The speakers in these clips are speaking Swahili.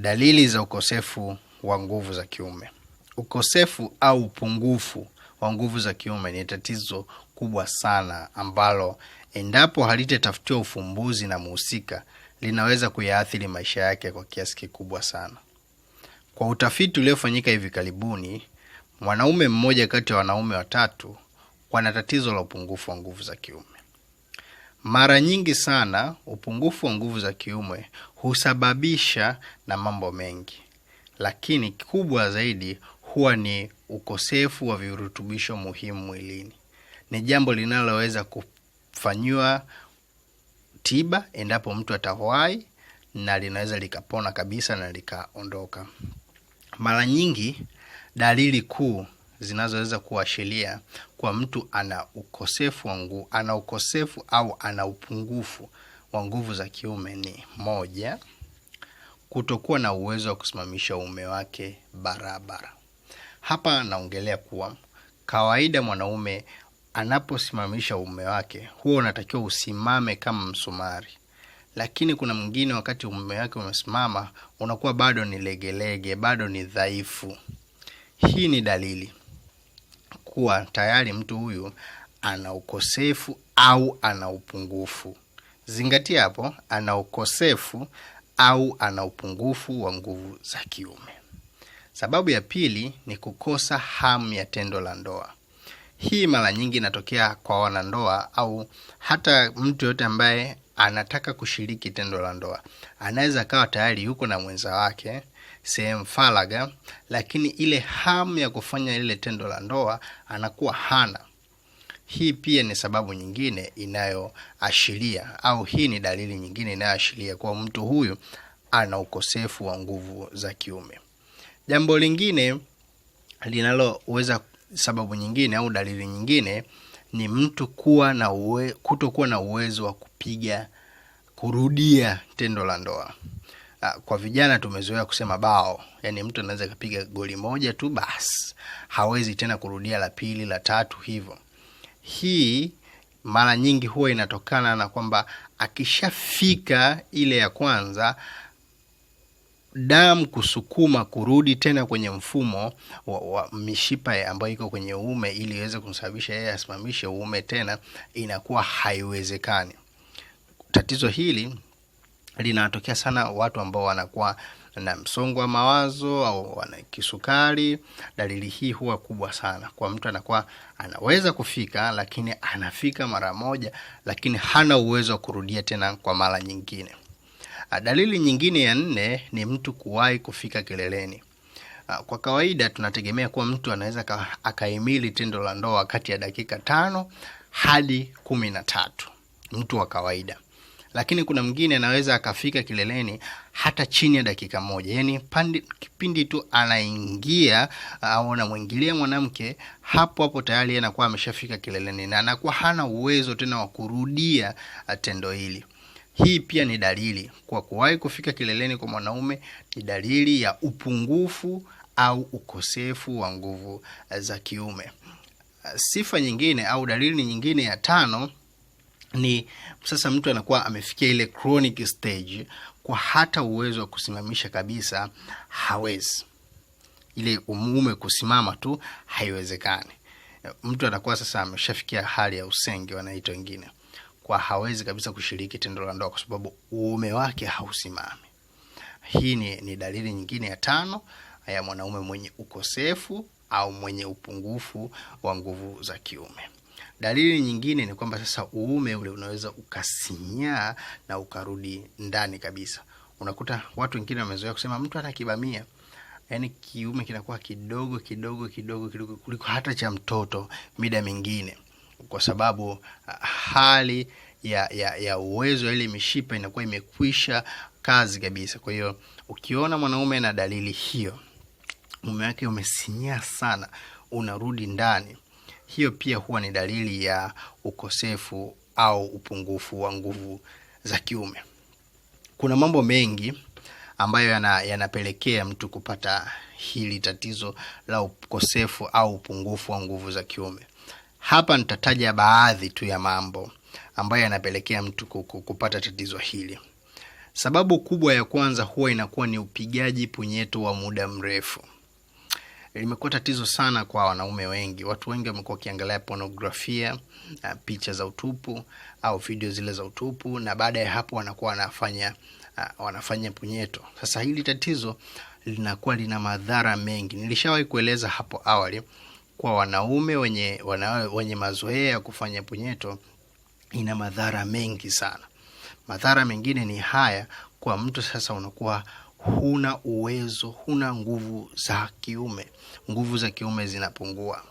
Dalili za ukosefu wa nguvu za kiume. Ukosefu au upungufu wa nguvu za kiume ni tatizo kubwa sana ambalo endapo halitatafutiwa ufumbuzi na muhusika linaweza kuyaathiri maisha yake kwa kiasi kikubwa sana. Kwa utafiti uliofanyika hivi karibuni, mwanaume mmoja kati ya wanaume watatu wana tatizo la upungufu wa nguvu za kiume. Mara nyingi sana upungufu wa nguvu za kiume husababisha na mambo mengi, lakini kubwa zaidi huwa ni ukosefu wa virutubisho muhimu mwilini. Ni jambo linaloweza kufanyiwa tiba endapo mtu atawahi, na linaweza likapona kabisa na likaondoka. Mara nyingi dalili kuu zinazoweza kuashiria kwa mtu ana ukosefu wa nguvu, ana ukosefu au ana upungufu wa nguvu za kiume ni moja, kutokuwa na uwezo wa kusimamisha uume wake barabara. Hapa naongelea kuwa kawaida mwanaume anaposimamisha uume wake huwa unatakiwa usimame kama msumari, lakini kuna mwingine wakati uume wake umesimama unakuwa bado ni legelege, bado ni dhaifu. Hii ni dalili kuwa tayari mtu huyu ana ukosefu au ana upungufu. Zingatia hapo, ana ukosefu au ana upungufu wa nguvu za kiume. Sababu ya pili ni kukosa hamu ya tendo la ndoa. Hii mara nyingi inatokea kwa wanandoa au hata mtu yoyote ambaye anataka kushiriki tendo la ndoa. Anaweza akawa tayari yuko na mwenza wake sehemu faraga, lakini ile hamu ya kufanya lile tendo la ndoa anakuwa hana. Hii pia ni sababu nyingine inayoashiria au hii ni dalili nyingine inayoashiria kuwa mtu huyu ana ukosefu wa nguvu za kiume. Jambo lingine linaloweza sababu nyingine au dalili nyingine ni mtu kuwa na uwe, kutokuwa na uwezo wa kupiga kurudia tendo la ndoa. Ah, kwa vijana tumezoea kusema bao, yani mtu anaweza kapiga goli moja tu basi, hawezi tena kurudia la pili la tatu hivyo. Hii mara nyingi huwa inatokana na kwamba akishafika ile ya kwanza damu kusukuma kurudi tena kwenye mfumo wa, wa mishipa ambayo iko kwenye uume ili iweze kumsababisha yeye asimamishe uume tena, inakuwa haiwezekani. Tatizo hili linatokea sana watu ambao wanakuwa na msongo wa mawazo au wana kisukari. Dalili hii huwa kubwa sana kwa mtu, anakuwa anaweza kufika, lakini anafika mara moja, lakini hana uwezo wa kurudia tena kwa mara nyingine. Ah, dalili nyingine ya nne ni mtu kuwahi kufika keleleni. Ah, kwa kawaida tunategemea kuwa mtu anaweza akahimili tendo la ndoa kati ya dakika tano hadi kumi na tatu mtu wa kawaida lakini kuna mwingine anaweza akafika kileleni hata chini ya dakika moja, yani pandi, kipindi tu anaingia au anamwingilia mwanamke, hapo hapo tayari anakuwa ameshafika kileleni na anakuwa hana uwezo tena wa kurudia ah, tendo hili. Hii pia ni dalili kwa kuwahi kufika kileleni kwa mwanaume, ni dalili ya upungufu au ukosefu wa nguvu ah, za kiume. Ah, sifa nyingine au dalili nyingine ya tano ni sasa mtu anakuwa amefikia ile chronic stage, kwa hata uwezo wa kusimamisha kabisa hawezi, ile umume kusimama tu haiwezekani. Mtu anakuwa sasa ameshafikia hali ya usenge, wanaita wengine, kwa hawezi kabisa kushiriki tendo la ndoa kwa sababu uume wake hausimami. Hii ni, ni dalili nyingine ya tano ya mwanaume mwenye ukosefu au mwenye upungufu wa nguvu za kiume. Dalili nyingine ni kwamba sasa uume ule unaweza ukasinyaa na ukarudi ndani kabisa. Unakuta watu wengine wamezoea kusema mtu ana kibamia, yani kiume kinakuwa kidogo kidogo kidogo kidogo kuliko hata cha mtoto mida mingine, kwa sababu ah, hali ya ya, ya uwezo wa ile mishipa inakuwa imekwisha kazi kabisa. Kwa hiyo ukiona mwanaume na dalili hiyo, mume wake umesinyaa sana, unarudi ndani hiyo pia huwa ni dalili ya ukosefu au upungufu wa nguvu za kiume. Kuna mambo mengi ambayo yana, yanapelekea mtu kupata hili tatizo la ukosefu au upungufu wa nguvu za kiume. Hapa nitataja baadhi tu ya mambo ambayo yanapelekea mtu kupata tatizo hili. Sababu kubwa ya kwanza huwa inakuwa ni upigaji punyeto wa muda mrefu limekuwa eh, tatizo sana kwa wanaume wengi. Watu wengi wamekuwa wakiangalia pornografia, eh, picha za utupu au video zile za utupu, na baada ya hapo wanakuwa wanafanya ah, wanafanya punyeto. Sasa hili tatizo linakuwa lina madhara mengi. Nilishawahi kueleza hapo awali kwa wanaume wenye, wana, wenye mazoea ya kufanya punyeto ina madhara mengi sana. Madhara mengine ni haya kwa mtu sasa unakuwa huna uwezo, huna nguvu za kiume, nguvu za kiume zinapungua.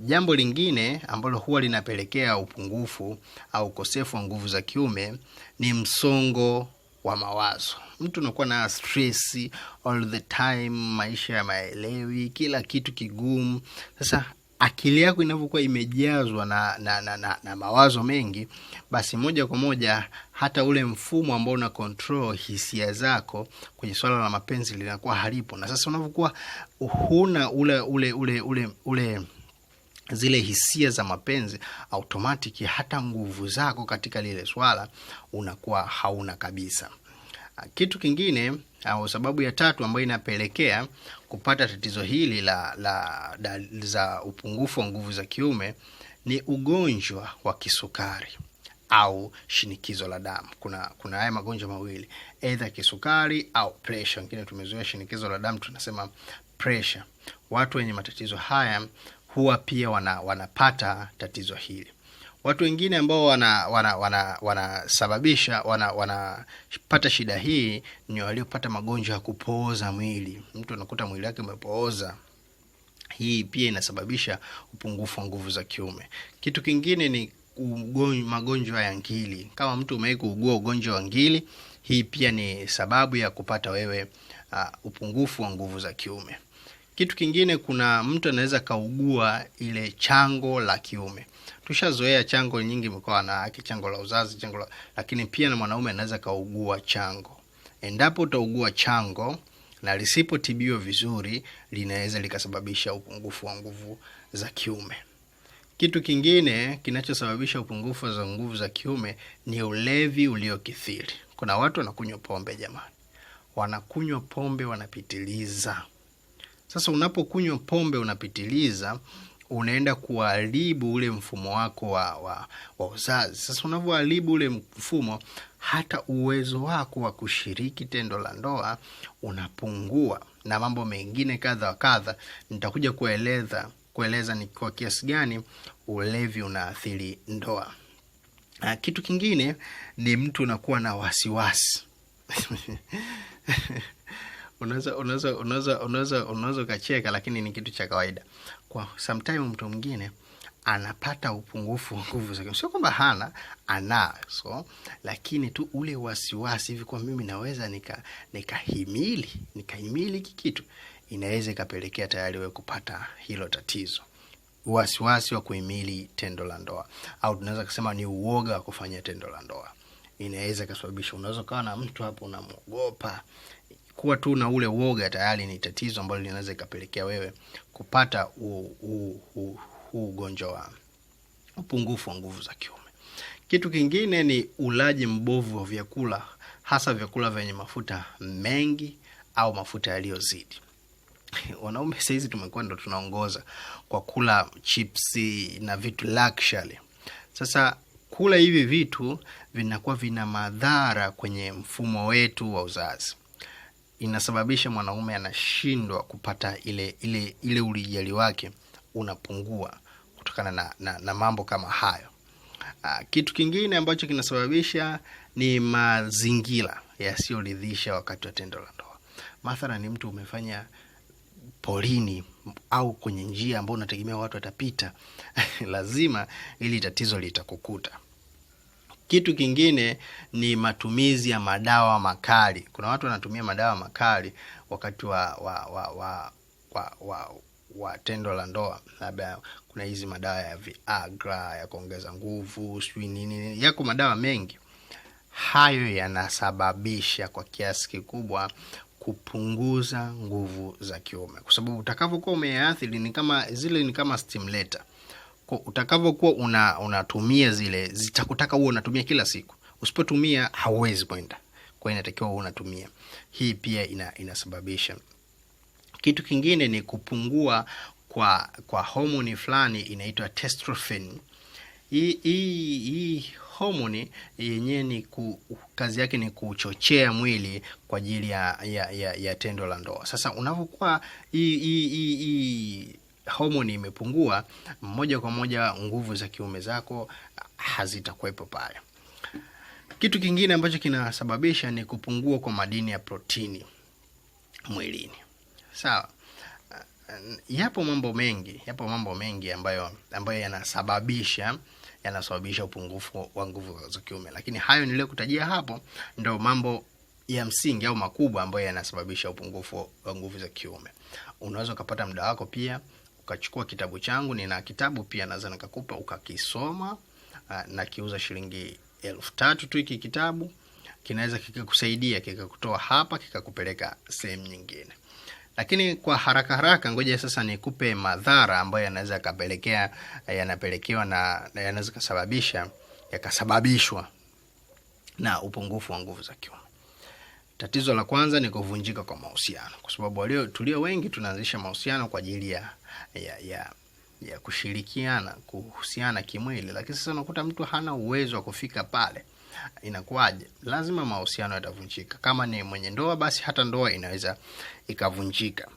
Jambo lingine ambalo huwa linapelekea upungufu au ukosefu wa nguvu za kiume ni msongo wa mawazo. Mtu unakuwa na stress all the time, maisha ya maelewi, kila kitu kigumu. Sasa akili yako inavyokuwa imejazwa na, na, na, na, na mawazo mengi, basi moja kwa moja hata ule mfumo ambao una control hisia zako kwenye swala la mapenzi linakuwa halipo, na sasa unavyokuwa huna ule ule ule ule ule zile hisia za mapenzi automatic, hata nguvu zako katika lile swala unakuwa hauna kabisa. Kitu kingine au sababu ya tatu ambayo inapelekea kupata tatizo hili la, la, la, za upungufu wa nguvu za kiume ni ugonjwa wa kisukari au shinikizo la damu. Kuna kuna haya magonjwa mawili, aidha kisukari au pressure. Wengine tumezoea shinikizo la damu, tunasema pressure. Watu wenye matatizo haya huwa pia wana, wanapata tatizo hili watu wengine ambao wanasababisha wana, wana, wana wanapata wana shida hii ni waliopata magonjwa ya kupooza mwili. Mtu anakuta mwili wake umepooza, hii pia inasababisha upungufu wa nguvu za kiume. Kitu kingine ni magonjwa ya ngili. Kama mtu umewahi kuugua ugonjwa wa ngili, hii pia ni sababu ya kupata wewe uh, upungufu wa nguvu za kiume. Kitu kingine, kuna mtu anaweza kaugua ile chango la kiume. Tushazoea chango nyingi mkoa wanawake, chango la uzazi, chango la... lakini pia na mwanaume anaweza kaugua chango. Endapo utaugua chango na lisipotibiwa vizuri, linaweza likasababisha upungufu wa nguvu za kiume. Kitu kingine kinachosababisha upungufu za nguvu za kiume ni ulevi uliokithiri. Kuna watu wanakunywa pombe jamani, wanakunywa pombe wanapitiliza. Sasa unapokunywa pombe unapitiliza, unaenda kuharibu ule mfumo wako wa, wa, wa uzazi. Sasa unavyoharibu ule mfumo, hata uwezo wako wa kushiriki tendo la ndoa unapungua, na mambo mengine kadha wa kadha. Nitakuja kueleza kueleza ni kwa kiasi gani ulevi unaathiri ndoa. Ah, kitu kingine ni mtu unakuwa na wasiwasi unaweza unaweza unaweza unaweza unaweza ukacheka, lakini ni kitu cha kawaida. Kwa sometime mtu mwingine anapata upungufu wa nguvu za sio kwamba hana, so, lakini tu ule wasiwasi hivi, kwa mimi naweza nika nikahimili nikahimili hiki kitu, inaweza ikapelekea tayari wewe kupata hilo tatizo wasiwasi wa kuhimili tendo la ndoa, au tunaweza kusema ni uoga wa kufanya tendo la ndoa, inaweza ikasababisha. Unaweza ukawa na mtu hapo unamwogopa, kuwa tu na ule uoga tayari ni tatizo ambalo linaweza ikapelekea wewe kupata huu ugonjwa wa upungufu wa nguvu za kiume. Kitu kingine ni ulaji mbovu wa vyakula, hasa vyakula vyenye mafuta mengi au mafuta yaliyozidi. Wanaume sahizi tumekuwa ndo tunaongoza kwa kula chipsi na vitu luxury. Sasa kula hivi vitu vinakuwa vina madhara kwenye mfumo wetu wa uzazi inasababisha mwanaume anashindwa kupata ile ile ile ulijali wake unapungua kutokana na, na, na mambo kama hayo. Ah, kitu kingine ambacho kinasababisha ni mazingira yasiyoridhisha wakati wa tendo la ndoa. Mathala ni mtu umefanya polini au kwenye njia ambayo unategemea watu watapita lazima ili tatizo litakukuta. Kitu kingine ni matumizi ya madawa makali. Kuna watu wanatumia madawa makali wakati wa wa wa wa, wa, wa, wa tendo la ndoa. Labda kuna hizi madawa ya Viagra ya kuongeza nguvu, sijui nini, yako madawa mengi. Hayo yanasababisha kwa kiasi kikubwa kupunguza nguvu za kiume, kwa sababu utakavyokuwa umeathiri, ni kama zile ni kama stimulator utakavokuwa utakavyokuwa una, unatumia zile zitakutaka huo unatumia kila siku. Usipotumia hauwezi kwenda, kwa inatakiwa huo unatumia. Hii pia ina, inasababisha kitu kingine ni kupungua kwa kwa homoni fulani inaitwa testrofen Hii homoni yenyewe ni ku, kazi yake ni kuchochea mwili kwa ajili ya, ya, ya, ya tendo la ndoa. Sasa unavokuwa hii homoni imepungua, moja kwa moja nguvu za kiume zako hazitakuwepo pale. Kitu kingine ambacho kinasababisha ni kupungua kwa madini ya protini mwilini. Sawa, yapo mambo mengi, yapo mambo mengi ambayo ambayo yanasababisha yanasababisha upungufu wa nguvu za kiume, lakini hayo niliyokutajia hapo ndo mambo ya msingi au makubwa ambayo yanasababisha upungufu wa nguvu za kiume. Unaweza ukapata muda wako pia ukachukua kitabu changu, nina kitabu pia naweza nikakupa ukakisoma. Uh, nakiuza shilingi elfu tatu tu. Hiki kitabu kinaweza kikakusaidia kikakutoa hapa kikakupeleka sehemu nyingine, lakini kwa haraka haraka, ngoja sasa nikupe madhara ambayo yanaweza yakapelekea yanapelekewa na na yanaweza kusababisha yakasababishwa na upungufu wa nguvu za kiume. Tatizo la kwanza ni kuvunjika kwa mahusiano, kwa sababu walio tulio wengi tunaanzisha mahusiano kwa ajili ya ya, ya, ya kushirikiana kuhusiana kimwili, lakini sasa unakuta mtu hana uwezo wa kufika pale, inakuwaje? Lazima mahusiano yatavunjika. Kama ni mwenye ndoa, basi hata ndoa inaweza ikavunjika.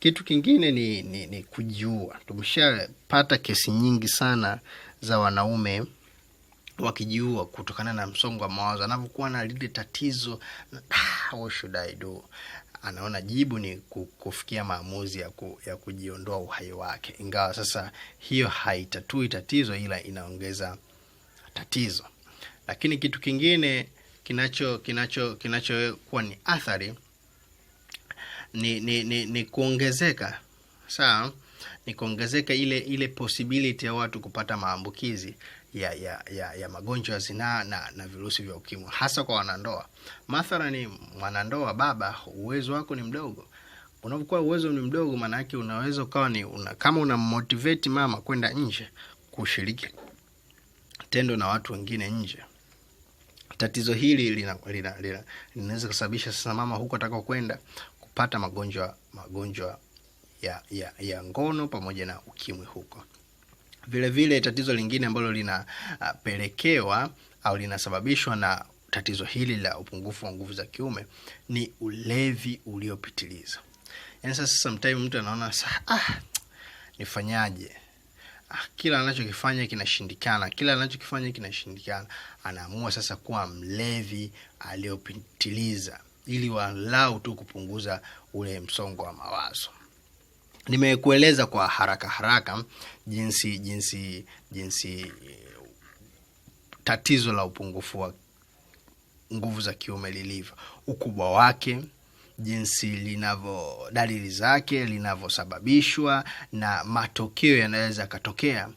Kitu kingine ni, ni, ni kujiua. Tumeshapata kesi nyingi sana za wanaume wakijiua kutokana na msongo wa mawazo, anavyokuwa na lile tatizo, ah, what should I do? anaona jibu ni kufikia maamuzi ya, ku, ya kujiondoa uhai wake, ingawa sasa hiyo haitatui tatizo, ila inaongeza tatizo. Lakini kitu kingine kinacho kinacho kinachokuwa ni athari ni, ni, ni, ni kuongezeka sawa, ni kuongezeka ile ile possibility ya watu kupata maambukizi ya, ya, ya, ya magonjwa ya zinaa na, na virusi vya ukimwi hasa kwa wanandoa. Mathalani mwanandoa baba, uwezo wako ni mdogo. Unapokuwa uwezo ni mdogo, maana yake unaweza ukawa ni una, kama unammotivate mama kwenda nje kushiriki tendo na watu wengine nje tatizo hili linaweza lina, lina, lina kusababisha sasa mama huko atakao kwenda kupata magonjwa magonjwa ya, ya, ya ngono pamoja na ukimwi huko. Vilevile vile tatizo lingine ambalo linapelekewa ah, au linasababishwa na tatizo hili la upungufu wa nguvu za kiume ni ulevi uliopitiliza. Yani sasa sometime mtu anaona ah, nifanyaje? Ah, kila anachokifanya kinashindikana, kila anachokifanya kinashindikana. Anaamua sasa kuwa mlevi aliyopitiliza, ili walau tu kupunguza ule msongo wa mawazo nimekueleza kwa haraka haraka jinsi jinsi jinsi tatizo la upungufu wa nguvu za kiume lilivyo, ukubwa wake, jinsi linavyo, dalili zake, linavyosababishwa na matokeo yanayoweza yakatokea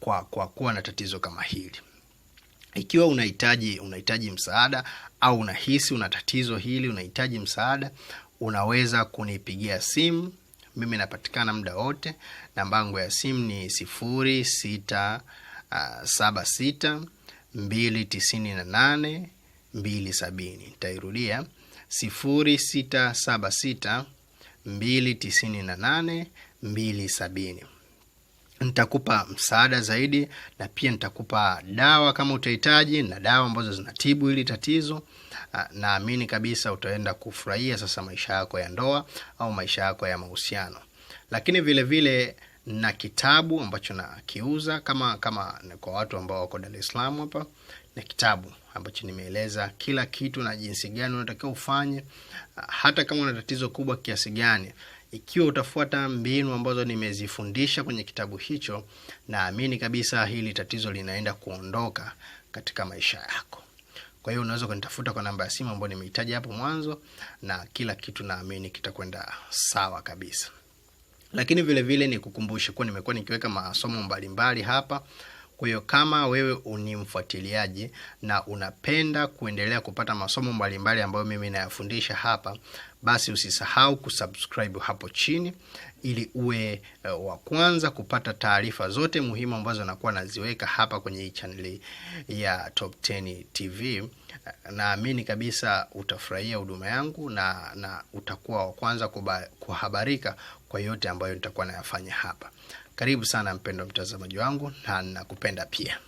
kwa, kwa kuwa na tatizo kama hili. Ikiwa unahitaji unahitaji msaada au unahisi una tatizo hili, unahitaji msaada, unaweza kunipigia simu mimi napatikana muda wote, namba yangu ya simu ni sifuri sita ah, saba sita mbili tisini na nane mbili sabini. Nitairudia sifuri sita saba sita mbili tisini na nane mbili sabini nitakupa msaada zaidi, na pia nitakupa dawa kama utahitaji, na dawa ambazo zinatibu hili tatizo. Ah, naamini kabisa utaenda kufurahia sasa maisha yako ya ndoa au maisha yako ya mahusiano. Lakini vile vile na kitabu ambacho nakiuza kama kama kwa watu ambao wako Dar Salaam hapa, na kitabu ambacho nimeeleza kila kitu na jinsi gani unatakiwa ufanye, ah, hata kama una tatizo kubwa kiasi gani ikiwa utafuata mbinu ambazo nimezifundisha kwenye kitabu hicho, naamini kabisa hili tatizo linaenda kuondoka katika maisha yako. Kwa hiyo unaweza kunitafuta kwa namba ya simu ambayo nimehitaji hapo mwanzo, na kila kitu naamini kitakwenda sawa kabisa. Lakini vilevile nikukumbushe kuwa nimekuwa nikiweka masomo mbalimbali hapa kwa hiyo kama wewe ni mfuatiliaji na unapenda kuendelea kupata masomo mbalimbali ambayo mimi nayafundisha hapa, basi usisahau kusubscribe hapo chini ili uwe uh, wa kwanza kupata taarifa zote muhimu ambazo nakuwa naziweka hapa kwenye hii chaneli ya Top 10 TV. Naamini kabisa utafurahia huduma yangu na, na utakuwa wa kwanza kuhabarika kwa yote ambayo nitakuwa nayafanya hapa. Karibu sana mpendo mtazamaji wangu, na nakupenda pia.